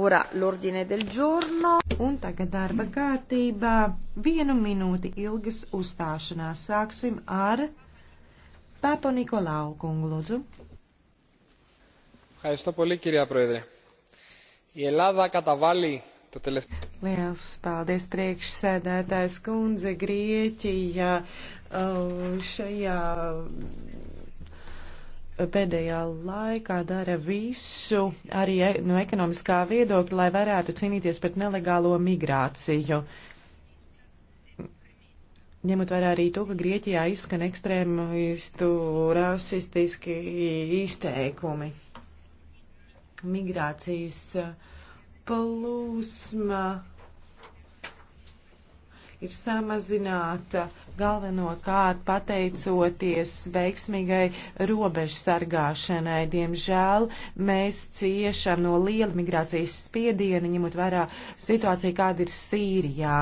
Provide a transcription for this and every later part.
Ora l'ordine del giorno. Un tagad darba kārtībā vienu minūti ilgas uzstāšanās sāksim ar Pēpo Nikolau kungu lūdzu. Ευχαριστώ πολύ κυρία Πρόεδρε. Η Ελλάδα καταβάλει tu telefonu. Liels paldies priekšsēdētājs kundze Grieķija uh, šajā pēdējā laikā dara visu, arī e, no ekonomiskā viedokļa, lai varētu cīnīties pret nelegālo migrāciju. Ņemot vērā arī to, ka Grieķijā izskan ekstrēmistu rasistiski izteikumi. Migrācijas e, plūsma ir samazināta galvenokārt pateicoties veiksmīgai robežsargāšanai. Diemžēl mēs ciešam no liela migrācijas spiediena, ņemot vērā situāciju, kāda ir Sīrijā.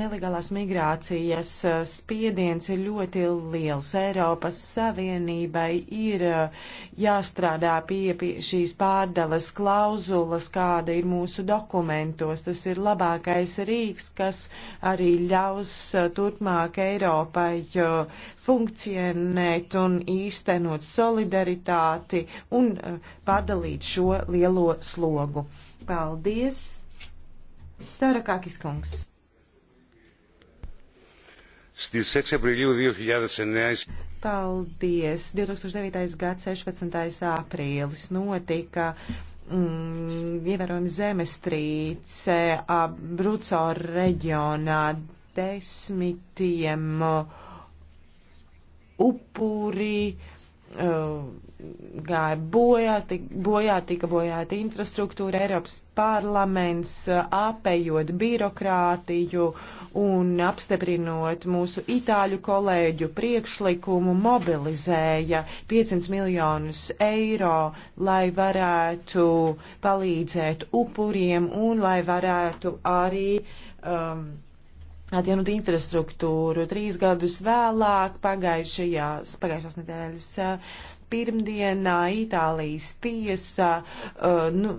Nelegālās migrācijas uh, spiediens ir ļoti liels. Eiropas Savienībai ir uh, jāstrādā pie, pie šīs pārdales klauzulas, kāda ir mūsu dokumentos. Tas ir labākais rīks, kas arī ļaus uh, turpmāk Eiropas. Eiropai funkcionēt un īstenot solidaritāti un eh, padalīt šo lielo slogu. Paldies! Starakakis kungs. Στις 6 Απριλίου 2009 Paldies! 2009. gada 16. aprīlis notika mm, ievērojama zemestrīce Bruco reģionā desmitiem uh, upuri uh, gāja bojās, tika bojā, tika bojāta infrastruktūra, Eiropas parlaments uh, apējot birokrātiju un apstiprinot mūsu itāļu kolēģu priekšlikumu mobilizēja 500 miljonus eiro, lai varētu palīdzēt upuriem un lai varētu arī um, atjaunot infrastruktūru. Trīs gadus vēlāk, pagājušajās, pagājušās nedēļas pirmdienā Itālijas tiesa uh, nu,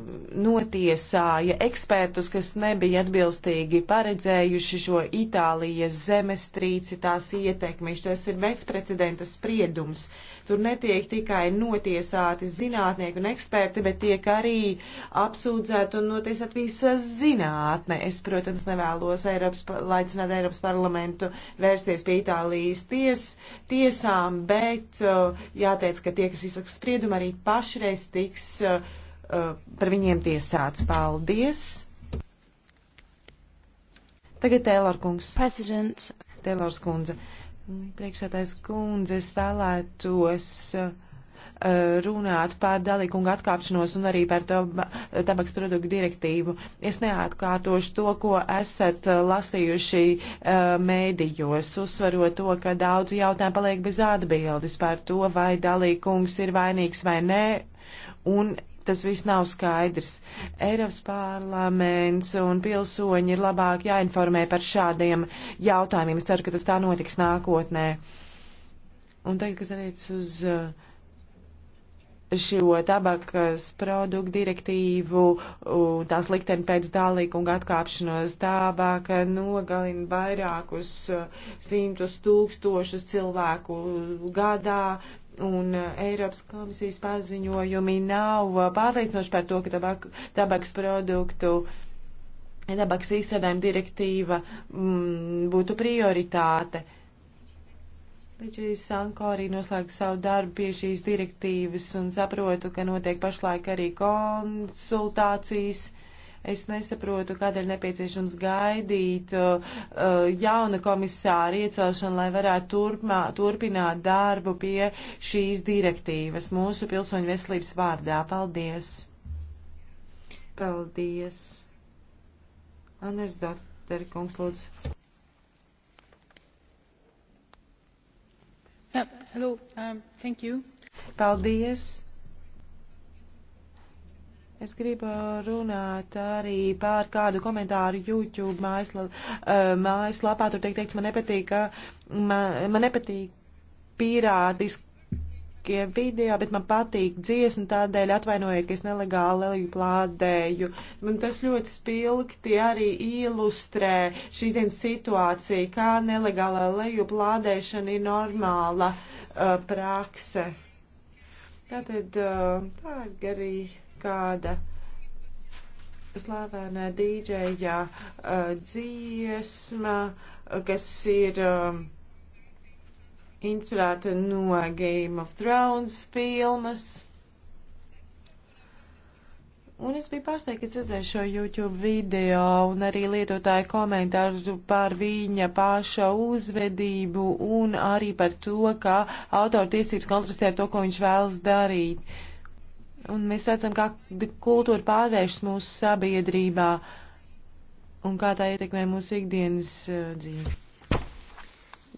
notiesāja ekspertus, kas nebija atbilstīgi paredzējuši šo Itālijas zemestrīci, tās ietekmi. Tas ir bezprecedenta spriedums. Uh, Tur netiek tikai notiesāti zinātnieki un eksperti, bet tiek arī apsūdzēti un notiesāt visa zinātne. Es, protams, nevēlos Eiropas, laicināt Eiropas parlamentu vērsties pie Itālijas ties, tiesām, bet uh, jāteic, ka tie, kas izsaka spriedumu, arī pašreiz tiks uh, uh, par viņiem tiesāts. Paldies! Tagad Tēlorkungs. President. Tēlors kundze. Priekšsēdājs kundze, es vēlētos eh, runāt par dalīkungu atkāpšanos un arī par tabaks produktu direktīvu. Es neatkārtošu to, ko esat eh, lasījuši eh, mēdījos, uzsverot to, ka daudzi jautājumi paliek bez atbildes par to, vai dalīkungs ir vainīgs vai nē. Un tas viss nav skaidrs. Eiropas parlaments un pilsoņi ir labāk jāinformē par šādiem jautājumiem. Es ceru, ka tas tā notiks nākotnē. Un tagad, kas attiec uz uh, šo tabakas produktu direktīvu, tās likteni pēc dalīguma atkāpšanos tabaka nogalina vairākus uh, simtus tūkstošus cilvēku gadā un uh, Eiropas komisijas paziņojumi nav uh, pārliecinoši par to, ka tabak, tabaks produktu tabaks izstrādājuma direktīva mm, būtu prioritāte. Līdz Sanko arī noslēgtu savu darbu pie šīs direktīvas un saprotu, ka notiek pašlaik arī konsultācijas Es nesaprotu, kādēļ nepieciešams gaidīt uh, uh, jauna komisāra iecelšanu, lai varētu turpmā, turpināt darbu pie šīs direktīvas mūsu pilsoņu veselības vārdā. Paldies! Paldies! Anders Dotter, kungs, lūdzu. Yeah, hello, um, thank you. Paldies! Es gribu runāt arī par kādu komentāru YouTube mājaslapā. Uh, eh, mājaslapā tur tiek teikts, man nepatīk, ka man, man nepatīk pirātiskie video, bet man patīk dziesma, tādēļ atvainojiet, ka es nelegāli leju plādēju. Man tas ļoti spilgti arī ilustrē šīs dienas situāciju, kā nelegālā leju plādēšana ir normāla uh, prakse. Tātad uh, tā ir garīgi kāda slavēna dīdžeja uh, dziesma, kas ir um, inspirēta no Game of Thrones filmas. Un es biju pārsteigta, kad redzēju šo YouTube video un arī lietotāju komentāru par viņa paša uzvedību un arī par to, kā autortiesības kontrastē ar to, ko viņš vēlas darīt. Un mēs redzam, kā kultūra pārvēršas mūsu sabiedrībā un kā tā ietekmē mūsu ikdienas uh, dzīvi.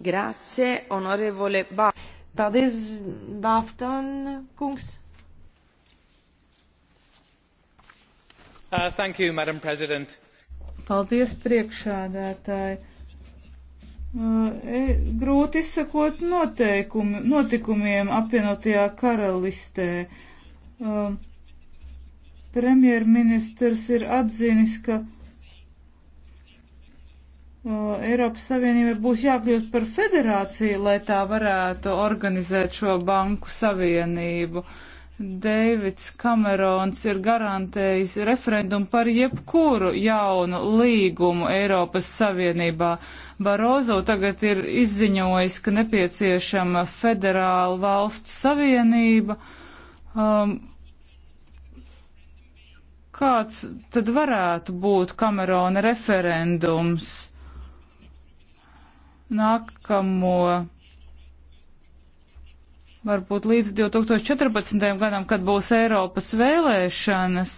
Grazie, honorevole Ba. Paldies, Bafton kungs. Uh, thank you, Madam President. Paldies, priekšādātāji. Uh, e, grūti sakot noteikumi, notikumiem apvienotajā karalistē. Uh, Uh, Premjerministrs ir atzinis, ka uh, Eiropas Savienībai būs jākļūt par federāciju, lai tā varētu organizēt šo banku savienību. Deivids Kamerons ir garantējis referendumu par jebkuru jaunu līgumu Eiropas Savienībā. Barozo tagad ir izziņojis, ka nepieciešama federāla valstu savienība. Uh, um, kāds tad varētu būt Kamerona referendums nākamo, varbūt līdz 2014. gadam, kad būs Eiropas vēlēšanas,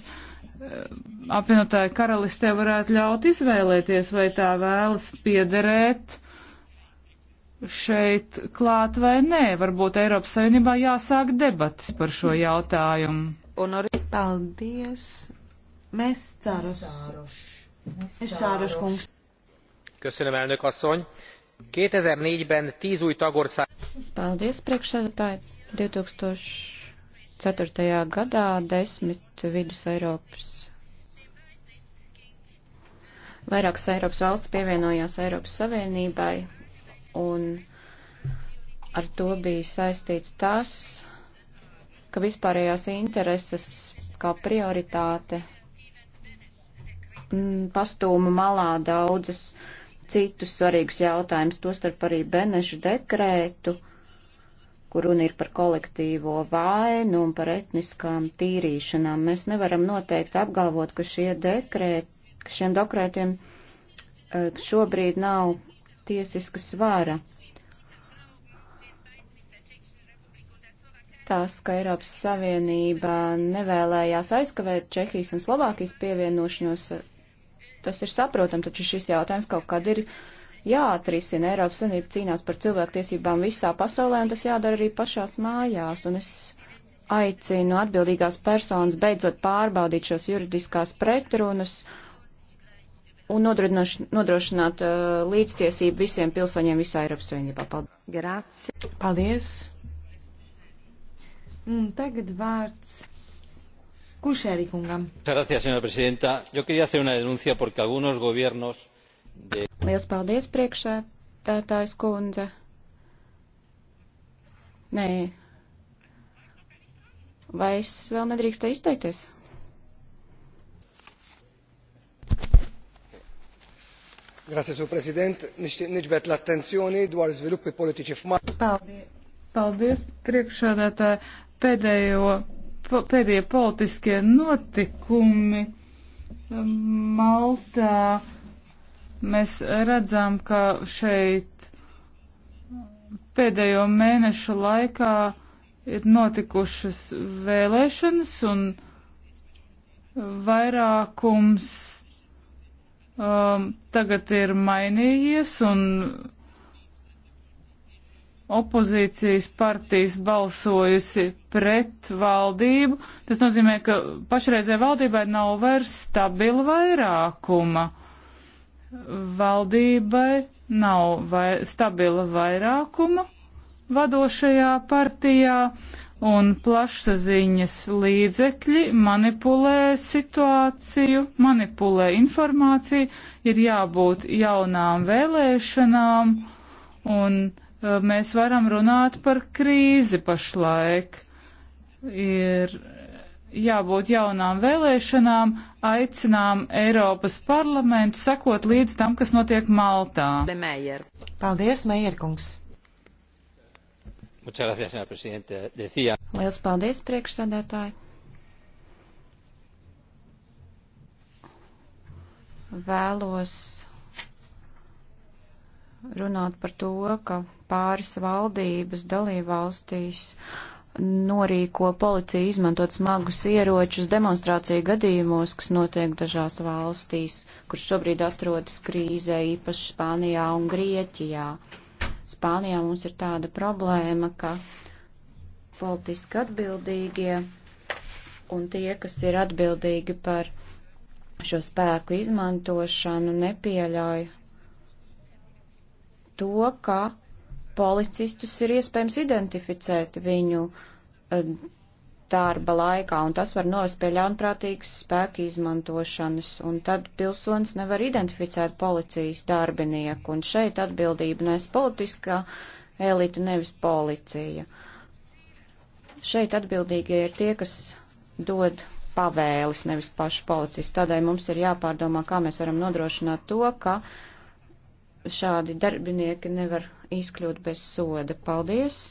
apvienotāja karalistē varētu ļaut izvēlēties, vai tā vēlas piederēt šeit klāt vai nē. Varbūt Eiropas Savienībā jāsāk debatas par šo jautājumu. Un arī paldies. Mēs ceros. Es Sáros kungs. Köszönöm, elnök asszony. 2004-ben 10 új tagország. Paldies, priekšsēdētāji. 2004. gadā 10 vidus Eiropas vairākas Eiropas valsts pievienojās Eiropas Savienībai, un ar to bija saistīts tas, ka vispārējās intereses kā prioritāte pastūma malā daudzus citus svarīgus jautājumus, tostarp arī Benešu dekrētu, kur runa ir par kolektīvo vainu un par etniskām tīrīšanām. Mēs nevaram noteikti apgalvot, ka šie dekrēti, ka šiem dekrētiem eh, šobrīd nav tiesiska svāra. Tas, ka Eiropas Savienība nevēlējās aizkavēt Čehijas un Slovākijas pievienošanos, tas ir saprotam, taču šis jautājums kaut kad ir jāatrisina. Eiropas Savienība cīnās par cilvēktiesībām visā pasaulē, un tas jādara arī pašās mājās. Un es aicinu atbildīgās personas beidzot pārbaudīt šos juridiskās pretrunas. Uh, un nodrošināt uh, līdztiesību visiem pilsoņiem visā Eiropas Savienībā. Paldies! Paldies! Un tagad vārds Kušēri kungam. Gracias, señora presidenta. Yo quería hacer una denuncia porque algunos gobiernos de... Liels paldies, priekšētātājs kundze. Nē. Vai es vēl nedrīkst izteikties? Nixtieq niġbed l-attenzjoni dwar żviluppi politiċi f'Malta. Paldies, priekšsēdētāji. Pēdējo, pēdējie politiskie notikumi um, Maltā. Mēs redzam, ka šeit pēdējo mēnešu laikā ir notikušas vēlēšanas un vairākums um, tagad ir mainījies un opozīcijas partijas balsojusi pret valdību. Tas nozīmē, ka pašreizē valdībai nav vairs stabila vairākuma. Valdībai nav vai stabila vairākuma vadošajā partijā, un plašsaziņas līdzekļi manipulē situāciju, manipulē informāciju, ir jābūt jaunām vēlēšanām, un e, mēs varam runāt par krīzi pašlaik. Ir jābūt jaunām vēlēšanām, aicinām Eiropas parlamentu sekot līdz tam, kas notiek Maltā. Paldies, Meierkungs! señora presidenta. Decía... Liels paldies, priekšsēdētāji. Vēlos runāt par to, ka pāris valdības dalībvalstīs norīko policiju izmantot smagus ieročus demonstrāciju gadījumos, kas notiek dažās valstīs, kur šobrīd atrodas krīzē, īpaši Spānijā un Grieķijā. Uh, Spānijā mums ir tāda problēma, ka politiski atbildīgie un tie, kas ir atbildīgi par šo spēku izmantošanu, nepieļauj to, ka policistus ir iespējams identificēt viņu eh, darba laikā, un tas var novest pie ļaunprātīgas spēka izmantošanas, un tad pilsonis nevar identificēt policijas darbinieku, un šeit atbildība nes politiskā elita, nevis policija. Šeit atbildīgie ir tie, kas dod pavēles, nevis paši policisti. Tādēļ mums ir jāpārdomā, kā mēs varam nodrošināt to, ka šādi darbinieki nevar izkļūt bez soda. Paldies!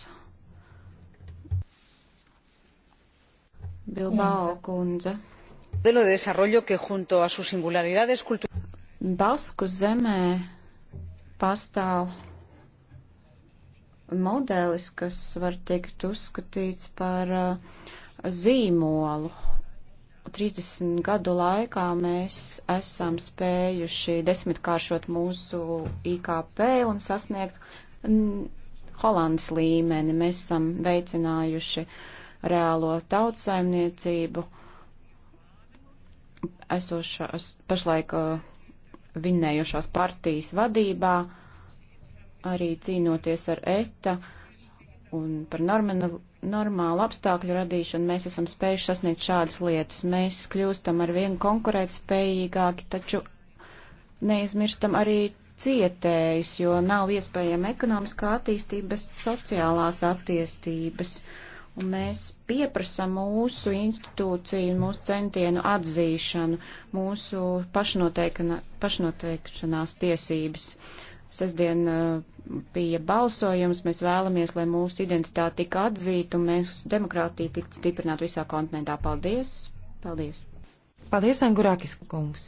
Bilbao kundze. Modelo de desarrollo que junto a sus singularidades culturales. Basku zemē pastāv modelis, kas var tikt uzskatīts par uh, zīmolu. 30 gadu laikā mēs esam spējuši desmitkāršot mūsu IKP un sasniegt Holandas līmeni. Mēs esam veicinājuši uh, reālo tautsaimniecību esošās pašlaik uh, vinnējušās partijas vadībā, arī cīnoties ar ETA un par normālu, normālu apstākļu radīšanu, mēs esam spējuši sasniegt šādas lietas. Mēs kļūstam ar vienu konkurētspējīgāki, taču neizmirstam arī cietējus, jo nav iespējama ekonomiskā attīstības, sociālās attīstības. Uh, un mēs pieprasam mūsu institūciju, mūsu centienu atzīšanu, mūsu pašnoteikšanās tiesības. Sesdien uh, bija balsojums, mēs vēlamies, lai mūsu identitāte tika atzīta un mēs demokrātija tika stiprināta visā kontinentā. Paldies! Paldies! Paldies, Angurākis kungs!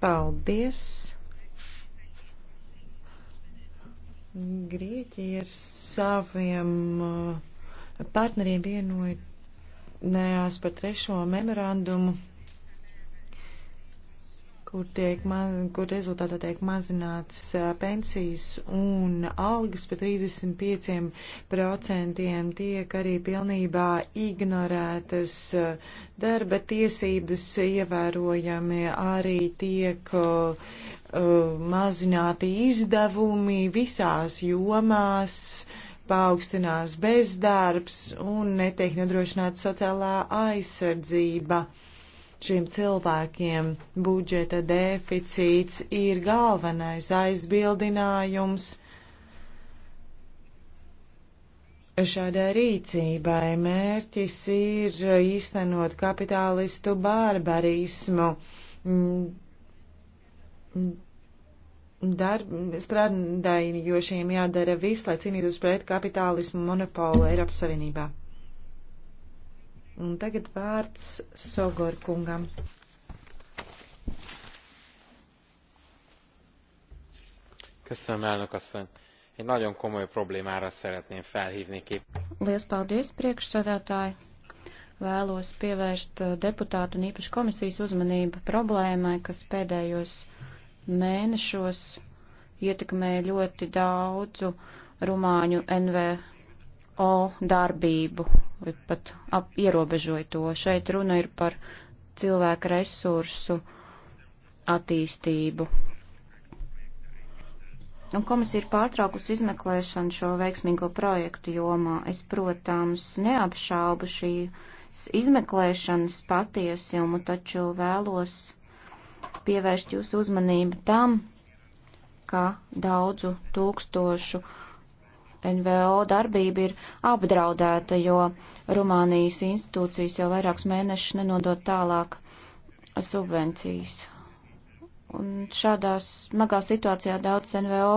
Paldies! Grieķija ar saviem uh, partneriem vienojās par trešo memorandumu, kur, tiek, kur rezultātā tiek mazināts uh, pensijas un algas par 35%, tiek arī pilnībā ignorētas uh, darba tiesības, ievērojami arī tiek uh, Uh, mazināti izdevumi visās jomās, paaugstinās bezdarbs un netiek nodrošināta sociālā aizsardzība. Šiem cilvēkiem budžeta deficīts ir galvenais aizbildinājums šādai rīcībai. Mērķis ir īstenot kapitālistu barbarismu mm, strādājošiem jādara viss, lai cīnītos pret kapitālismu monopolu Eiropas Savienībā. Un tagad vārds Sogor kungam. Köszönöm, elnök asszony. Egy nagyon komoly problémára szeretném felhívni ki. Liels paldies, priekšsēdētāji! Vēlos pievērst eh, deputātu un īpaši komisijas uzmanību problēmai, kas pēdējos mēnešos ietekmēja ļoti daudzu rumāņu NVO darbību, vai pat ap, ierobežoja to. Šeit runa ir par cilvēku resursu attīstību. Un komisija ir pārtraukusi izmeklēšanu šo veiksmīgo projektu jomā. Es, protams, neapšaubu šīs izmeklēšanas patiesību, taču vēlos pievērst jūsu uzmanību tam, ka daudzu tūkstošu NVO darbība ir apdraudēta, jo Rumānijas institūcijas jau vairākus mēnešus nenodot tālāk subvencijas. Un šādā smagā situācijā daudz NVO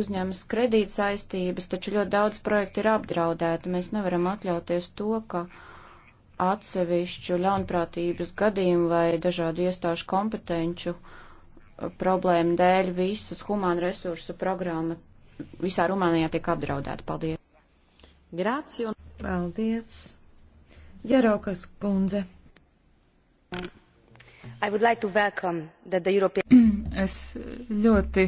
uzņemas kredīt saistības, taču ļoti daudz projektu ir apdraudēti. Mēs nevaram atļauties to, ka uh, atsevišķu ļaunprātības gadījumu vai dažādu iestāžu kompetenču uh, problēmu dēļ visas humāna resursu programma visā Rumānijā tiek apdraudēta. Paldies! Grācio! Paldies! Jaraukas kundze! Like European... es ļoti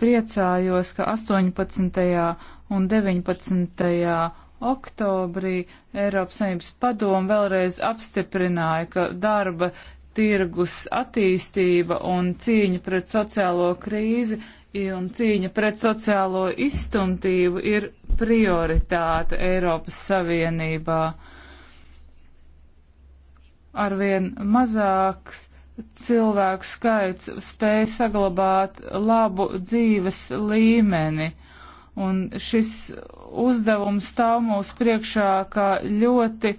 priecājos, ka 18. un 19 Oktobrī Eiropas Savienības padomu vēlreiz apstiprināja, ka darba tirgus attīstība un cīņa pret sociālo krīzi un cīņa pret sociālo izstumtību ir prioritāte Eiropas Savienībā. Arvien mazāks cilvēku skaits spēja saglabāt labu dzīves līmeni. Un šis uzdevums stāv mūsu priekšā kā ļoti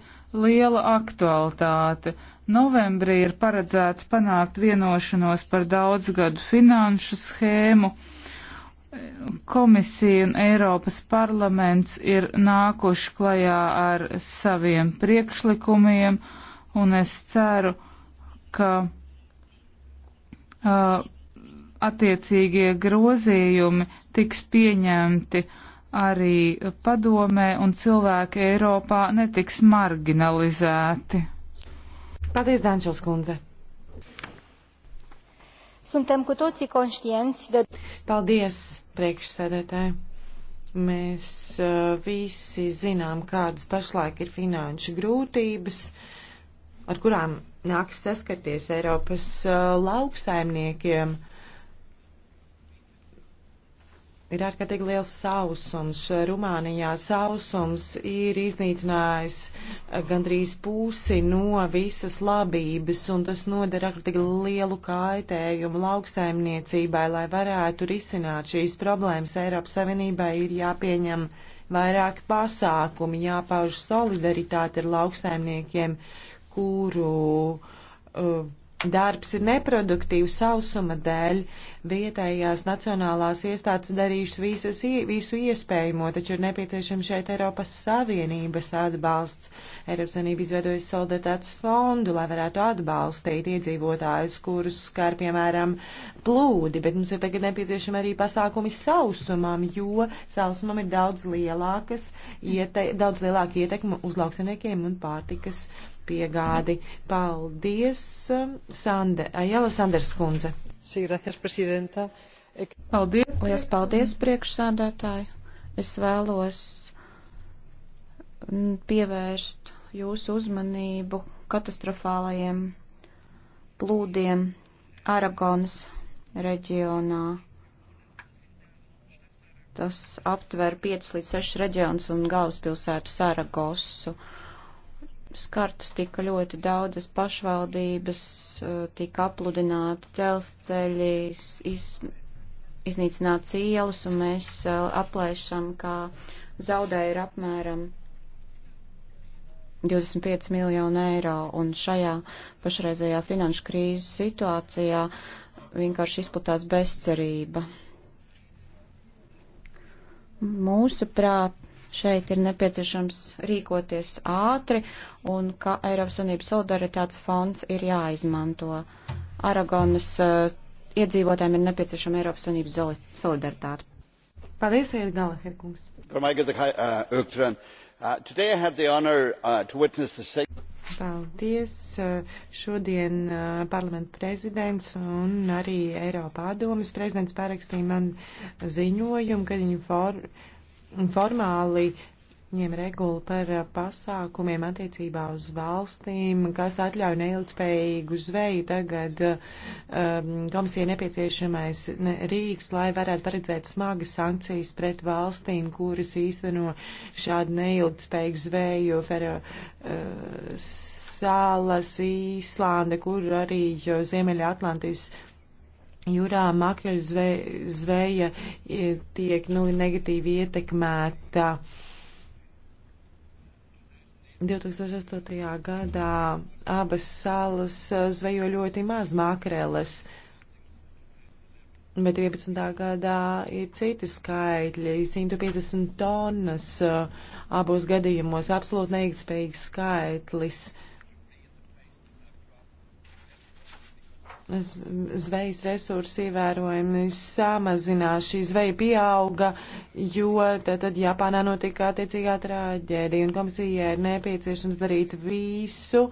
liela aktualitāte. Novembrī ir paredzēts panākt vienošanos par daudzgadu finanšu schēmu. Komisija un Eiropas parlaments ir nākuši klajā ar saviem priekšlikumiem, un es ceru, ka uh, attiecīgie grozījumi tiks pieņemti arī padomē un cilvēki Eiropā netiks marginalizēti. Paldies, Dančels kundze! Suntem cu toții conștienți de... Paldies, priekšsēdētāji! Mēs uh, visi zinām, kādas pašlaik ir finanšu grūtības, ar kurām nāks saskarties Eiropas uh, lauksaimniekiem. Uh, ir ārkārtīgi liels sausums. Rumānijā sausums ir iznīcinājis eh, gandrīz pusi no visas labības, un tas nodara ārkārtīgi lielu kaitējumu lauksaimniecībai, lai varētu risināt šīs problēmas. Eiropas Savienībai ir jāpieņem vairāk pasākumi, jāpauž solidaritāte ar lauksaimniekiem, kuru. Uh, Darbs ir neproduktīvs sausuma dēļ. Vietējās nacionālās iestādes darījušas visas, visu iespējamo, taču ir nepieciešams šeit Eiropas Savienības atbalsts. Eiropas Savienība izveidojas solidaritātes fondu, lai varētu atbalstīt iedzīvotājus, kurus skar, piemēram, plūdi, bet mums ir tagad nepieciešama arī pasākumi sausumam, jo sausumam ir daudz lielākas, iete, daudz lielāka ietekma uz lauksaimniekiem un pārtikas. Uh, piegādi. Paldies, um, Sande, Ajala Sanders kundze. Sí, gracias, presidenta. Paldies. Lielas paldies, priekšsādātāji. Es vēlos mm, pievērst jūsu uzmanību katastrofālajiem plūdiem Aragonas reģionā. Tas aptver 5 līdz 6 reģionus un galvaspilsētu Saragosu skartas tika ļoti daudzas pašvaldības, uh, tika apludināti dzelzceļi, iz, iznīcināts ielas, un mēs uh, aplēšam, ka zaudēja ir apmēram 25 miljonu eiro, un šajā pašreizējā finanšu krīzes situācijā vienkārši izplatās bezcerība. Mūsuprāt, šeit ir nepieciešams rīkoties ātri un ka Eiropas Unības solidaritātes fonds ir jāizmanto. Aragonas uh, iedzīvotājiem ir nepieciešama Eiropas Unības solidaritāte. Paldies, Vēt Galaher kungs. Uh, uh, uh, Paldies. Šodien parlamenta prezidents un arī Eiropā domas prezidents parakstīja man ziņojumu, kad viņi for, uh, formāli ņem regulu par uh, pasākumiem attiecībā uz valstīm, kas atļauj neilgtspējīgu zveju. Tagad uh, um, komisija nepieciešamais rīks, lai varētu paredzēt smagas sankcijas pret valstīm, kuras īsteno šādu neilgtspējīgu zveju. Fero, uh, salas, Īslanda, kur arī Ziemeļa Atlantijas uh, Jūrā makļu zveja, zveja e, tiek nu, negatīvi ietekmēta. 2008. gadā abas salas e, zvejo ļoti maz makreles. Bet 11. gadā ir citi skaitļi - 150 tonnas e, abos gadījumos - absolūti neilgspējīgs skaitlis. zvejas resursi ievērojami samazinās, šī zveja pieauga, jo tad, tad Japānā notika attiecīgā trāģēdija, un komisijai ir nepieciešams darīt visu,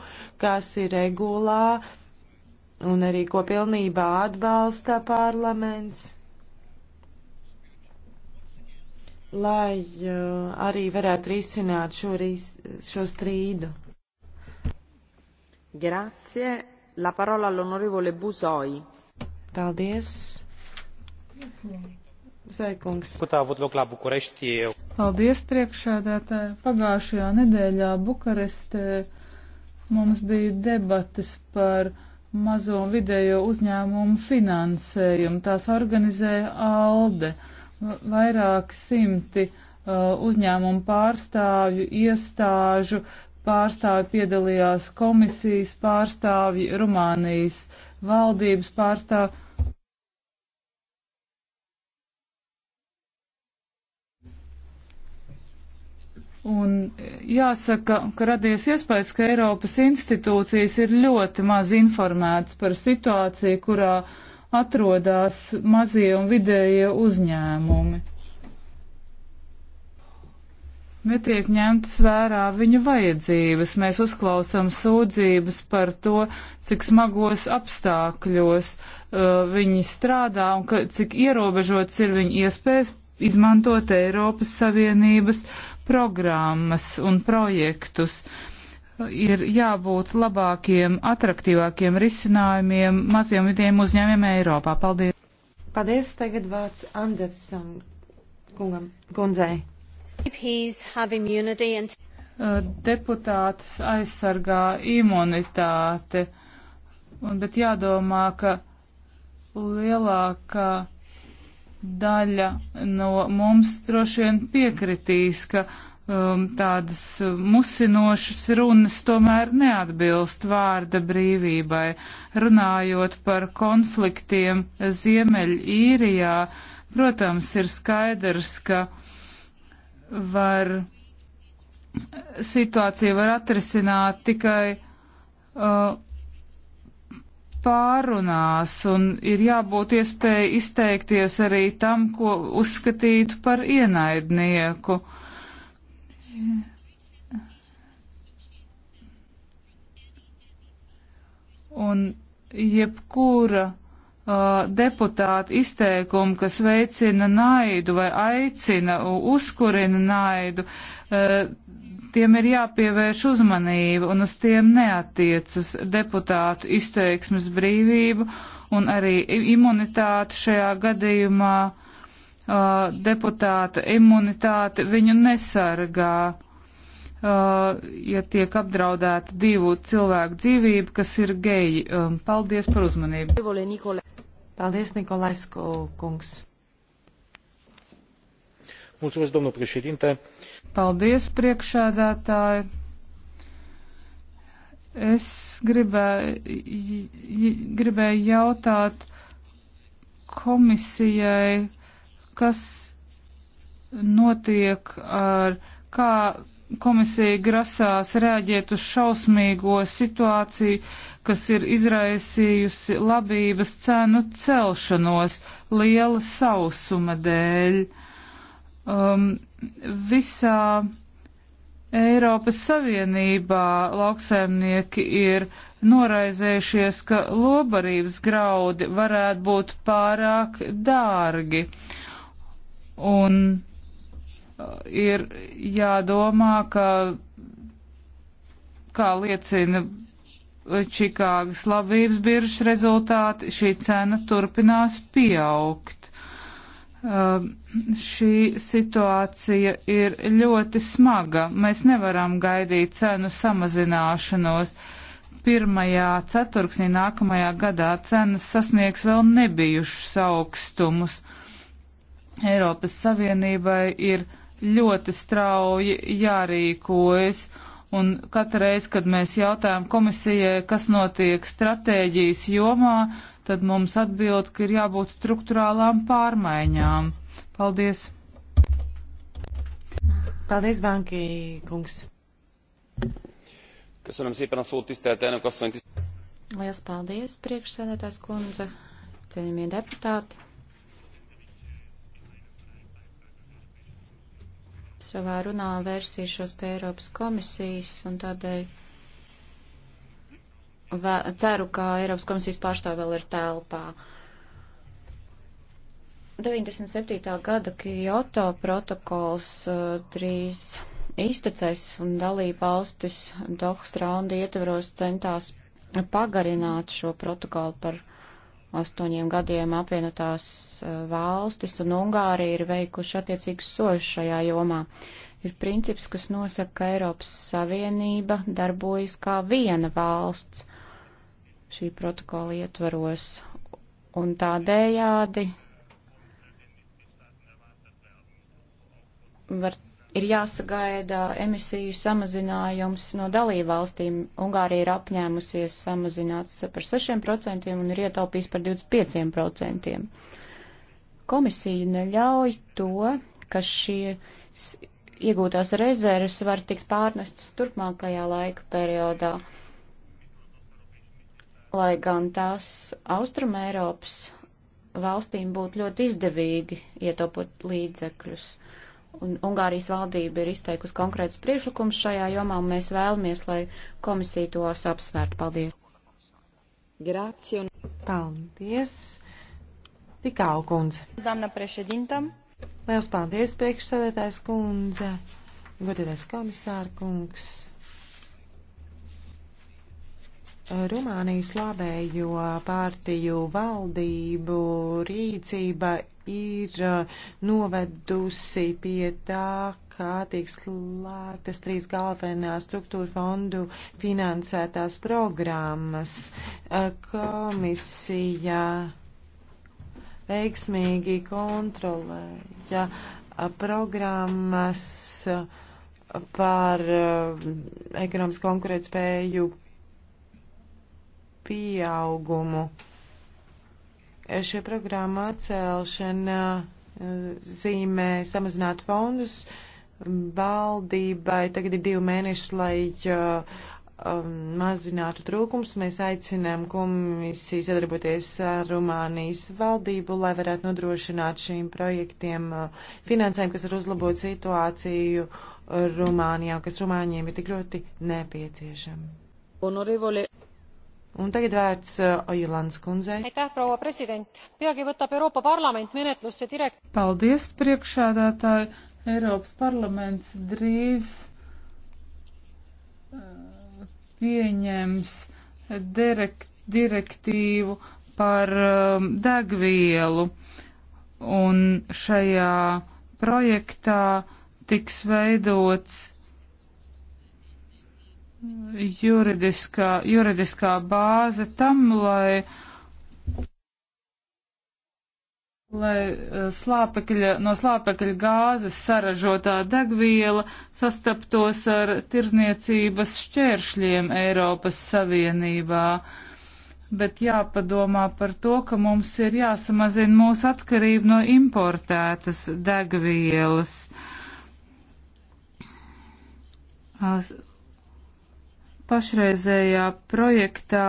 kas ir regulā, un arī ko pilnībā atbalsta parlaments. Lai uh, arī varētu risināt šo, ris šo strīdu. Grazie. La parola all'onorevole Buzoi. Paldies. Zaikungs. Paldies priekšādātāji. Pagājušajā nedēļā Bukarestē mums bija debatas par mazo un vidējo uzņēmumu finansējumu. Tās organizēja ALDE. Vairāk simti uh, uzņēmumu pārstāvju, iestāžu pārstāvi, piedalījās komisijas pārstāvji, Rumānijas valdības pārstāvji. Un jāsaka, ka radies iespējas, ka Eiropas institūcijas ir ļoti maz informētas par situāciju, kurā atrodas mazie un vidējie uzņēmumi netiek ņemtas vērā viņu vajadzības. Mēs uzklausām sūdzības par to, cik smagos apstākļos uh, viņi strādā un ka, cik ierobežots ir viņu iespējas izmantot Eiropas Savienības programmas un projektus. Ir jābūt labākiem, atraktīvākiem risinājumiem maziem vidiem uzņēmiem Eiropā. Paldies! Paldies! Tagad vārds Andersam kungam, kundzei. Uh, deputātus aizsargā imunitāte, un, bet jādomā, ka lielākā daļa no mums droši vien piekritīs, ka um, tādas musinošas runas tomēr neatbilst vārda brīvībai. Runājot par konfliktiem Ziemeļīrijā, protams, ir skaidrs, ka uh, var, situācija var atrisināt tikai uh, pārunās un ir jābūt iespēja izteikties arī tam, ko uzskatītu par ienaidnieku. Un jebkura uh, deputātu izteikumu, kas veicina naidu vai aicina, uzkurina naidu, uh, tiem ir jāpievērš uzmanība un uz tiem neatiecas deputātu izteiksmes brīvību un arī imunitāte šajā gadījumā. Uh, deputāta imunitāte viņu nesargā. Uh, ja tiek apdraudēta divu cilvēku dzīvība, kas ir geji. Um, paldies par uzmanību. Paldies, Nikolaisko kungs. Mulțumesc, domnul președinte. Paldies, priekšēdētāji. Es gribēju, gribēju jautāt komisijai, kas notiek ar, kā komisija grasās reaģēt uz šausmīgo situāciju, kas ir izraisījusi labības cenu celšanos liela sausuma dēļ. Um, visā Eiropas Savienībā lauksaimnieki ir noraizējušies, ka lobarības graudi varētu būt pārāk dārgi. Un uh, ir jādomā, ka, kā liecina Čikāgas labības biržas rezultāti, šī cena turpinās pieaugt. Uh, šī situācija ir ļoti smaga. Mēs nevaram gaidīt cenu samazināšanos. Pirmajā ceturksnī nākamajā gadā cenas sasniegs vēl nebijušus augstumus. Eiropas Savienībai ir ļoti strauji jārīkojas Un katreiz, kad mēs jautājam komisijai, kas notiek stratēģijas jomā, tad mums atbild, ka ir jābūt struktūrālām pārmaiņām. Paldies! Paldies, Banki kungs! Köszönöm szépen a szót, tisztelt elnök asszony! Liels paldies, priekšsēdētājs kundze, cienījamie deputāti! savā runā vērsīšos pie Eiropas komisijas un tādēļ vē, ceru, ka Eiropas komisijas pārstāv vēl ir telpā. 97. gada Kyoto protokols uh, drīz iztecēs un dalība valstis Dohas raunda ietveros centās pagarināt šo protokolu par astoņiem gadiem apvienotās eh, valstis un Ungārija ir veikuši attiecīgus soļus šajā jomā. Ir princips, kas nosaka, ka Eiropas Savienība darbojas kā viena valsts šī protokola ietvaros, un tādējādi var ir jāsagaida emisiju samazinājums no dalībvalstīm. Ungārija ir apņēmusies samazināt par 6% un ir ietaupījis par 25%. Komisija neļauj to, ka šie iegūtās rezerves var tikt pārnestas turpmākajā laika periodā, lai gan tās Austrum Eiropas valstīm būtu ļoti izdevīgi ietaupot līdzekļus. Uh, un Ungārijas valdība ir izteikusi konkrētus priekšlikumus šajā jomā, un mēs vēlamies, lai komisija tos apsvērtu. Paldies! Grācija un paldies! Tikau kundze! Dāmna prešedintam! Liels paldies, priekšsēdētājs kundze! Godīgais komisāra kungs! Rumānijas labējo pārtiju valdību rīcība ir eh, novedusi pie tā, kā tiek slēgtas trīs galvenās struktūra fondu finansētās programmas. Eh, komisija veiksmīgi kontrolēja eh, programmas par ekonomisku konkurētspēju pieaugumu šī programma atcelšana eh, zīmē samazināt fondus valdībai. Tagad ir divi mēneši, lai eh, um, mazinātu trūkums. Mēs aicinām komisiju sadarboties ar Rumānijas valdību, lai varētu nodrošināt šīm projektiem eh, finansēm, kas var uzlabot situāciju Rumānijā, kas Rumāņiem ir tik ļoti nepieciešama. Honorevole Un tagad vērts uh, Ojulāns kundzei. Aitäh, proua president. Peagi võtab Euroopa Parlament menetlusse direkt. Paldies, priekšēdētāji. Eiropas parlaments drīz uh, pieņems direkt, direktīvu par um, degvielu. Un šajā projektā tiks veidots juridiskā, juridiskā bāze tam, lai, lai eh, slāpekļa, no slāpekļa gāzes saražotā degviela sastaptos ar tirzniecības šķēršļiem Eiropas Savienībā. Bet jāpadomā par to, ka mums ir jāsamazina mūsu atkarība no importētas degvielas pašreizējā projektā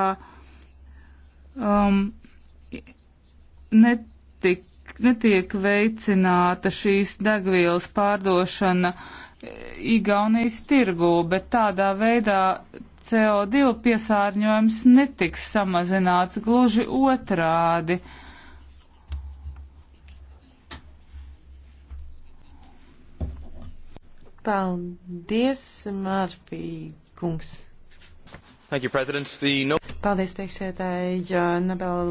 um, netik, netiek veicināta šīs degvielas pārdošana e, Igaunijas tirgū, bet tādā veidā CO2 piesārņojums netiks samazināts gluži otrādi. Paldies, Mārpī kungs! You, The... Paldies, priekšsēdētāji. Nobel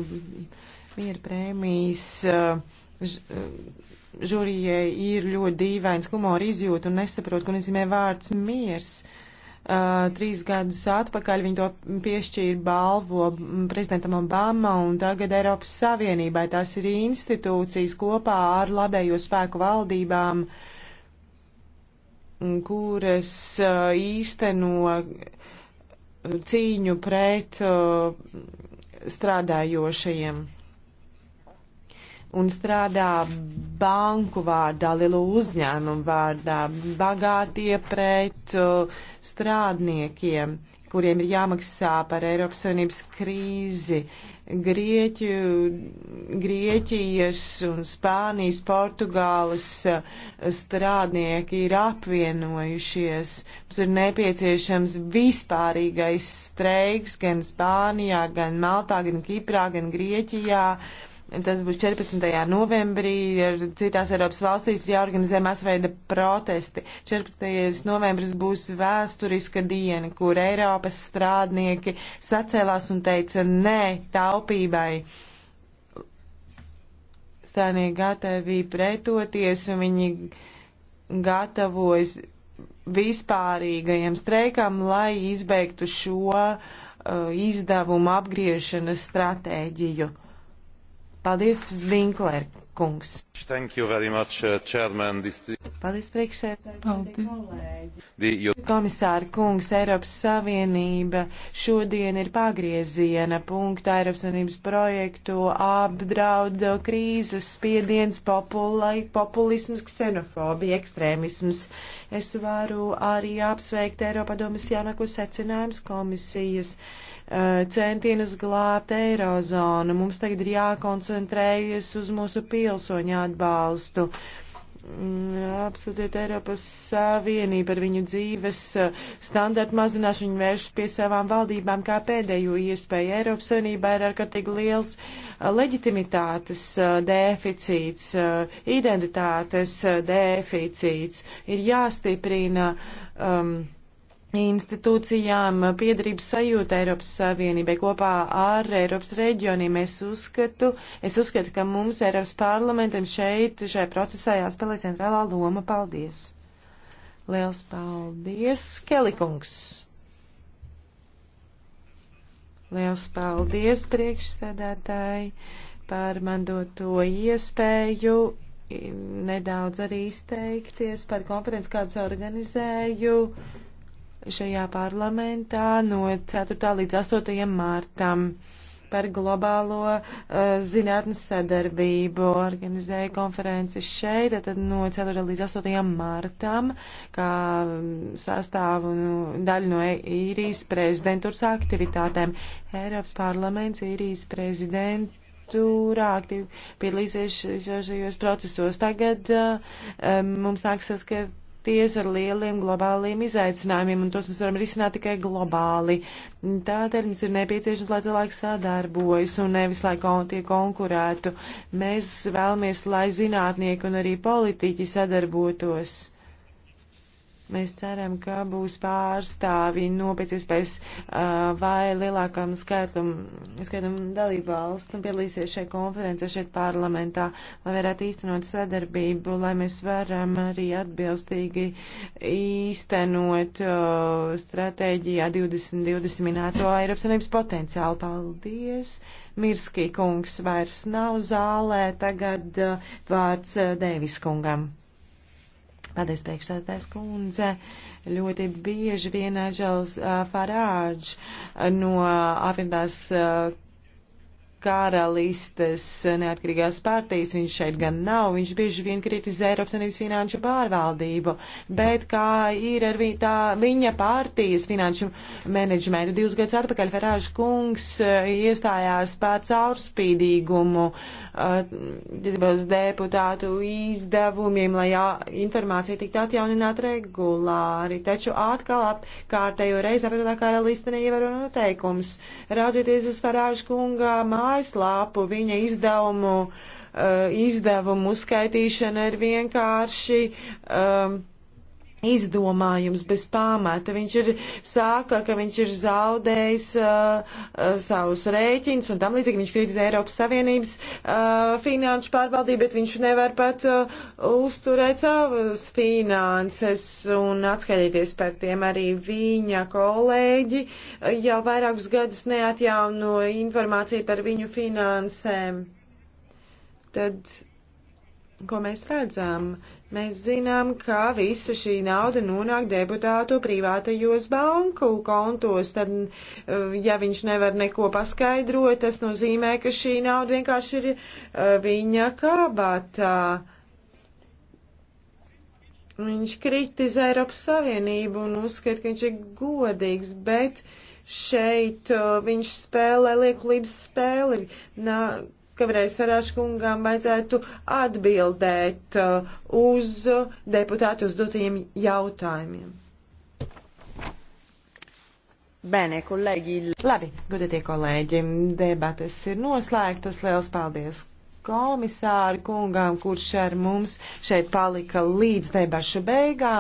miera prēmijas eh, eh, žūrijai ir ļoti dīvains humora izjūta un nesaprot, ko nozīmē vārds miers. Uh, trīs gadus atpakaļ viņi to piešķīra balvo prezidentam Obama un tagad Eiropas Savienībai. Tās ir institūcijas kopā ar labējo spēku valdībām, kuras uh, īsteno uh, cīņu pret uh, strādājošajiem un strādā banku vārdā, lielu uzņēmumu vārdā, bagātie pret uh, strādniekiem, kuriem ir jāmaksā par Eiropas Savienības krīzi. Uh, Grieķu, Grieķijas un Spānijas, Portugāles eh, strādnieki ir apvienojušies. Mums ir nepieciešams vispārīgais streiks gan Spānijā, gan Maltā, gan Kiprā, gan Grieķijā. Uh, Tas būs 14. novembrī, ir citās Eiropas valstīs jāorganizē masveida protesti. 14. novembris būs vēsturiska diena, kur Eiropas strādnieki sacēlās un teica nē taupībai. Strādnieki gatavi pretoties un viņi gatavojas vispārīgajam streikam, lai izbeigtu šo uh, izdevumu apgriešanas stratēģiju. Paldies, Vinklēr kungs. Thank you very much, uh, chairman. This... Paldies, priekšsēdētāji. Paldies. You... Komisāri kungs, Eiropas Savienība šodien ir pagrieziena punktā Eiropas Savienības projektu apdraud krīzes spiediens populai, populisms, ksenofobija, ekstrēmisms. Es varu arī apsveikt Eiropadomas jaunāko secinājums komisijas. Uh, Eh, centienus glābt eirozonu. Mums tagad ir jākoncentrējas uz mūsu pilsoņu atbalstu. Mm, Apsūdziet Eiropas Savienību par viņu dzīves eh, standartu mazināšanu, vērš pie savām valdībām kā pēdējo iespēju. Eiropas Savienībā ir ārkārtīgi liels eh, leģitimitātes deficīts, identitātes deficīts. Ir jāstiprina. Um, institūcijām piedarības sajūta Eiropas Savienībai kopā ar Eiropas reģioniem. Es uzskatu, es uzskatu, ka mums Eiropas parlamentam šeit, šajā procesā jāspēlē centrālā loma. Paldies! Liels paldies, Kelikungs! Liels paldies, priekšsēdētāji, par man doto iespēju nedaudz arī izteikties par konferenci, kādas organizēju šajā parlamentā no 4. līdz 8. martam par globālo uh, zinātnes sadarbību. Organizēja konferenci šeit, tad no 4. līdz 8. martam, kā mm, sastāvu nu, daļu no īrijas prezidentūras aktivitātēm. Eiropas parlaments īrijas prezidents. Turā aktīvi piedalīsies šajos procesos. Tagad uh, mums nāk saskart saskaraties ar lieliem globāliem izaicinājumiem, un tos mēs varam risināt tikai globāli. Tādēļ mums ir nepieciešams, lai cilvēki sadarbojas un nevis, lai kon tie konkurētu. Mēs vēlamies, lai zinātnieki un arī politiķi sadarbotos. Mēs ceram, ka būs pārstāvi no pēc iespējas uh, vai lielākam skaitam, skaitam dalību valstu un piedalīsies šajā konferencē šeit parlamentā, lai varētu īstenot sadarbību, lai mēs varam arī atbilstīgi īstenot uh, stratēģijā 2020 minēto Eiropas Savienības potenciālu. Paldies! Mirskī kungs vairs nav zālē, tagad uh, vārds uh, Dēvis kungam. Paldies, priekšsēdētājs kundze. Ļoti bieži vien Žēls Farāģis no apvienotās karalistes neatkarīgās partijas, viņš šeit gan nav, viņš bieži vien kritizē Eiropas Savienības finanšu pārvaldību, bet kā ir ar viņa, tā, viņa partijas finanšu menedžmentu, divus gadus atpakaļ Ferāžu kungs iestājās par caurspīdīgumu uh, attiecībā uz deputātu izdevumiem, lai jā, informācija tiktu atjaunināta regulāri. Taču atkal apkārtējo reizi apvienotā karaliste neievēro noteikums. Raudzieties uz Farāžu kunga mājaslapu, viņa izdevumu, uh, izdevumu uzskaitīšana ir vienkārši. Um, izdomājums bez pamata. Viņš ir sāka, ka viņš ir zaudējis uh, uh, savus rēķinus un tam līdzīgi viņš kritizē Eiropas Savienības uh, finanšu pārvaldību, bet viņš nevar pat uh, uzturēt savas finanses un atskaidīties par tiem arī viņa kolēģi uh, jau vairākus gadus neatjauno informāciju par viņu finansēm. Tad, ko mēs redzam? Uh, Mēs zinām, ka visa šī nauda nonāk deputātu privātajos banku kontos, tad, uh, ja viņš nevar neko paskaidrot, tas nozīmē, ka šī nauda vienkārši ir uh, viņa kabatā. Viņš kritizē Eiropas Savienību un uzskata, ka viņš ir godīgs, bet šeit uh, viņš spēlē liekulības spēli. Nā, ka Reisarāš kungām vajadzētu atbildēt uh, uz deputātu uzdotajiem jautājumiem. Bene, kolēģi. Labi, godatie kolēģi, debates ir noslēgtas. Liels paldies komisāri kungām, kurš ar mums šeit palika līdz debašu beigām.